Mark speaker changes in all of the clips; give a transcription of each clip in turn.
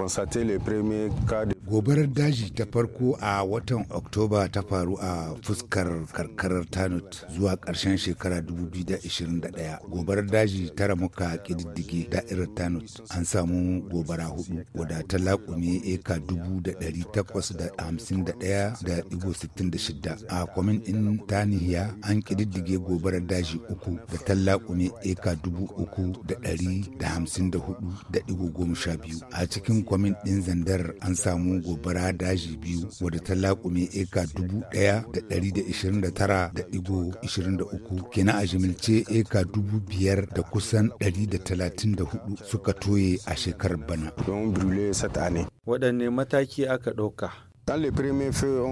Speaker 1: constater les premiers cas de gobarar daji ta farko a watan oktoba ta faru a fuskar karkarar tanut zuwa ƙarshen shekara 2021 gobarar daji ta ramuka ƙididdige da'irar tanut an samu gobara hudu wadda ta laƙume eka 851.66 a kwamin ɗin tanihiya an ƙididdige gobarar daji uku da ta laƙume eka 354.12 a cikin kwamin ɗin zandar an samu samu gobara daji biyu wadda ta laƙume eka dubu ɗaya da ɗari da ishirin da tara da ɗigo ishirin da uku kenan a jimilce eka dubu biyar da kusan ɗari da talatin da hudu suka toye a shekarar bana.
Speaker 2: Waɗanne mataki aka ɗauka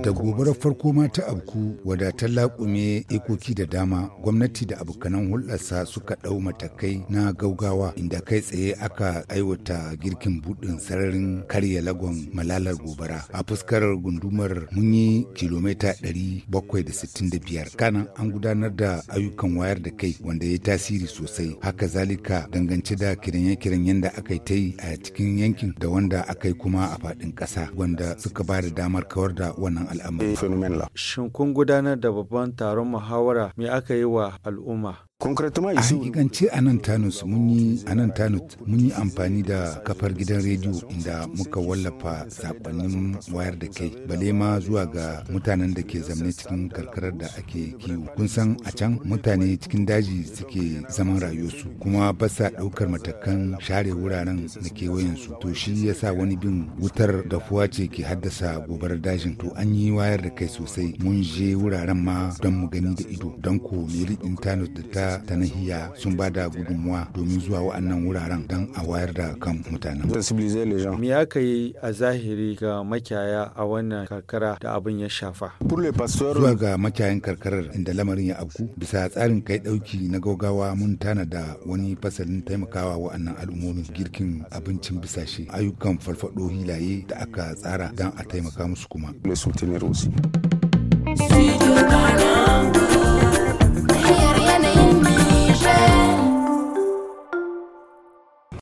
Speaker 2: Da
Speaker 1: gobarar farko ma ta abku wadatar laƙume ikoki da dama gwamnati da abokanan hulɗarsa suka ɗau matakai na gaugawa inda kai tsaye aka aiwata girkin buɗin sararin karya lagon malalar gobara. A fuskar gundumar mun yi kilomita 765 Kana, an gudanar da ayyukan wayar da kai wanda ya tasiri sosai. Haka zalika dangance da kiranye-kiranyen da aka yi a cikin yankin da wanda aka yi kuma a faɗin ƙasa wanda suka ba da dama damar kawar da wannan al'amari. Eh,
Speaker 2: Shin kun gudanar da babban taron muhawara me aka yi wa al'umma?
Speaker 1: A hakikanci a nan Tanus mun yi Tanus mun yi amfani da kafar gidan rediyo inda muka wallafa saƙonnin wayar da kai bale ma zuwa ga mutanen da ke zamne cikin karkarar da ake kiwo. Kun san a can mutane cikin daji suke zaman rayuwarsu kuma ba sa ɗaukar matakan share wuraren da kewayensu. To shi yasa wani bin wutar dafuwa ce ke haddasa gobar dajin. To an yi wayar da kai sosai mun je wuraren ma don mu gani da ido don ko meri da ta ta nahiya sun ba da gudunmuwa domin zuwa wa'annan wuraren don a wayar da kan mutanen.
Speaker 2: Me aka yi a zahiri ga makiyaya a wannan karkara da abin ya shafa? Zuwa
Speaker 1: ga makiyayan karkarar inda lamarin ya afku bisa tsarin kai ɗauki na gaugawa mun tana da wani fasalin taimakawa wa'annan al'ummomin girkin abincin bisashe ayyukan farfaɗo hilaye da aka tsara don a taimaka musu kuma.